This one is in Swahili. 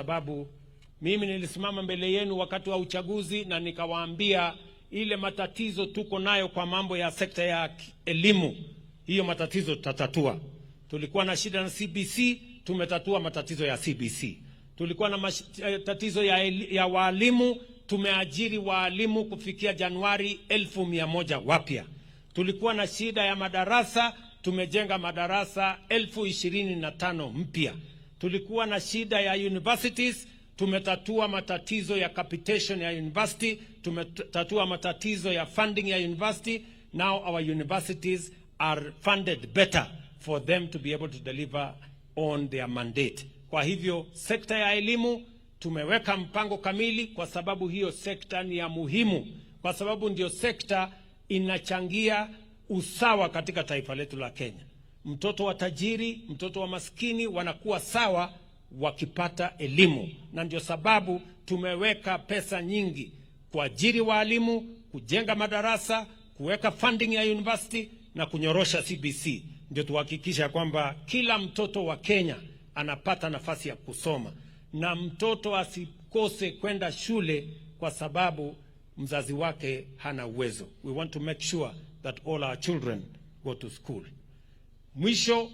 Sababu mimi nilisimama mbele yenu wakati wa uchaguzi na nikawaambia ile matatizo tuko nayo kwa mambo ya sekta ya elimu, hiyo matatizo tutatatua. Tulikuwa na shida na CBC, tumetatua matatizo ya CBC. Tulikuwa na matatizo eh, ya, ya waalimu, tumeajiri waalimu kufikia Januari elfu mia moja wapya. Tulikuwa na shida ya madarasa, tumejenga madarasa elfu ishirini na tano mpya. Tulikuwa na shida ya universities, tumetatua matatizo ya capitation ya university, tumetatua matatizo ya funding ya university. Now our universities are funded better for them to be able to deliver on their mandate. Kwa hivyo sekta ya elimu tumeweka mpango kamili, kwa sababu hiyo sekta ni ya muhimu, kwa sababu ndio sekta inachangia usawa katika taifa letu la Kenya mtoto wa tajiri, mtoto wa maskini wanakuwa sawa wakipata elimu, na ndio sababu tumeweka pesa nyingi kuajiri waalimu, kujenga madarasa, kuweka funding ya university na kunyorosha CBC, ndio tuhakikisha kwamba kila mtoto wa Kenya anapata nafasi ya kusoma na mtoto asikose kwenda shule kwa sababu mzazi wake hana uwezo. We want to make sure that all our children go to school. Mwisho